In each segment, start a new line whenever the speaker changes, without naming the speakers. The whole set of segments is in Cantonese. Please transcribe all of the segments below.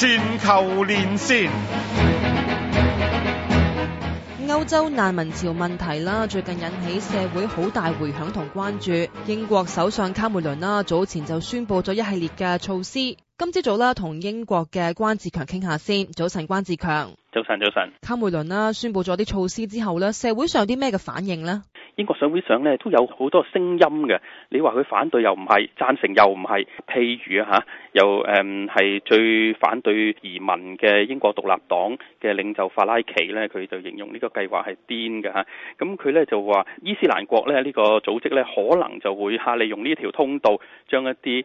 全球連線，
歐洲難民潮問題啦，最近引起社會好大回響同關注。英國首相卡梅倫啦，早前就宣佈咗一系列嘅措施。今朝早啦，同英國嘅關志強傾下先。早晨，關志強。
早晨，早晨。
卡梅倫啦，宣佈咗啲措施之後呢，社會上有啲咩嘅反應呢？
英國社會上咧都有好多聲音嘅，你話佢反對又唔係，贊成又唔係，譬如又誒係、嗯、最反對移民嘅英國獨立黨嘅領袖法拉奇咧，佢就形容呢個計劃係癲嘅，咁佢咧就話伊斯蘭國咧呢個組織咧可能就會係利用呢條通道將一啲誒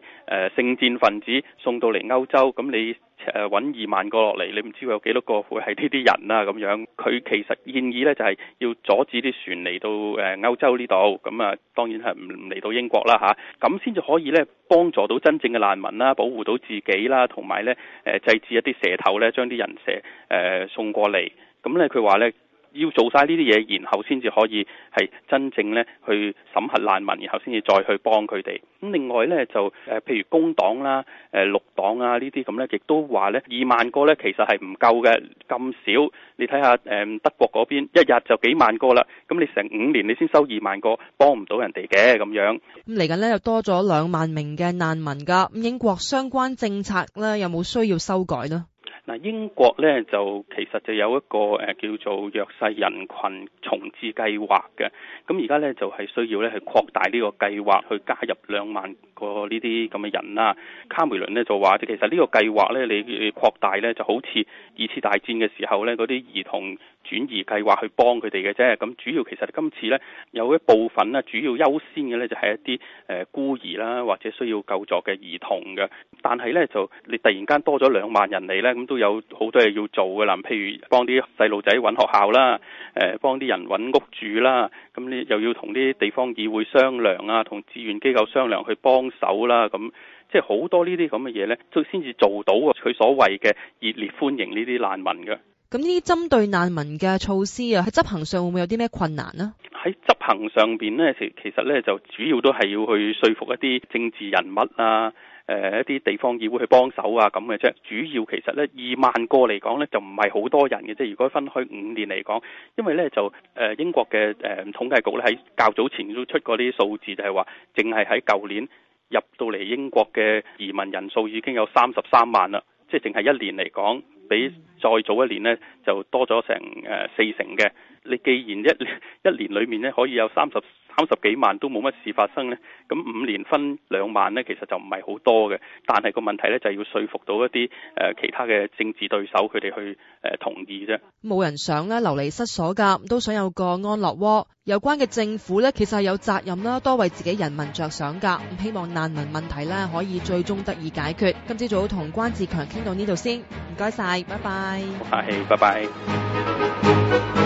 聖戰分子送到嚟歐洲，咁你。誒揾二萬個落嚟，你唔知會有幾多個會係呢啲人啦、啊、咁樣。佢其實建議咧就係、是、要阻止啲船嚟到歐洲呢度，咁啊當然係唔嚟到英國啦吓，咁先至可以咧幫助到真正嘅難民啦，保護到自己啦，同埋咧誒制止一啲蛇頭咧將啲人蛇誒、呃、送過嚟。咁咧佢話咧。要做晒呢啲嘢，然後先至可以係真正咧去審核難民，然後先至再去幫佢哋。咁另外咧就誒，譬如工黨啦、誒綠黨啊呢啲咁咧，亦都話咧二萬個咧其實係唔夠嘅，咁少。你睇下誒德國嗰邊，一日就幾萬個啦。咁你成五年你先收二萬個，幫唔到人哋嘅咁樣。
咁嚟緊咧又多咗兩萬名嘅難民㗎。咁英國相關政策咧有冇需要修改呢？嗱，英
國咧就其實就有一個誒叫做弱勢人群重置計劃嘅，咁而家咧就係、是、需要咧係擴大呢個計劃，去加入兩萬個呢啲咁嘅人啦、啊。卡梅倫咧就話，其實呢個計劃咧你擴大咧就好似二次大戰嘅時候咧嗰啲兒童轉移計劃去幫佢哋嘅啫。咁主要其實今次咧有一部分咧主要優先嘅咧就係、是、一啲誒孤兒啦，或者需要救助嘅兒童嘅。但係咧就你突然間多咗兩萬人嚟咧，咁都～都有好多嘢要做嘅啦，譬如幫啲細路仔搵學校啦，誒幫啲人搵屋住啦，咁你又要同啲地方議會商量啊，同志願機構商量去幫手啦，咁即係好多呢啲咁嘅嘢呢，都先至做到佢所謂嘅熱烈歡迎呢啲難民嘅。
咁呢啲針對難民嘅措施啊，喺執行上會唔會有啲咩困難呢？喺執
行上邊呢，其其實呢就主要都係要去說服一啲政治人物啊。誒、呃、一啲地方議會去幫手啊咁嘅啫，主要其實呢，二萬個嚟講呢，就唔係好多人嘅即係。如果分開五年嚟講，因為呢，就誒、呃、英國嘅誒、呃、統計局咧喺較早前都出過啲數字就，就係話淨係喺舊年入到嚟英國嘅移民人數已經有三十三萬啦，即係淨係一年嚟講比再早一年呢，就多咗成、呃、四成嘅。你既然一一年裏面呢，可以有三十三十幾萬都冇乜事發生呢。咁五年分兩萬呢，其實就唔係好多嘅。但係個問題呢，就係、要說服到一啲、呃、其他嘅政治對手佢哋去、呃、同意啫。
冇人想咧流離失所㗎，都想有個安樂窩。有關嘅政府呢，其實係有責任啦，多為自己人民着想㗎。咁希望難民問題呢，可以最終得以解決。今朝早同關志強傾到呢度先，唔該晒，拜拜。好啊，
拜拜。拜拜。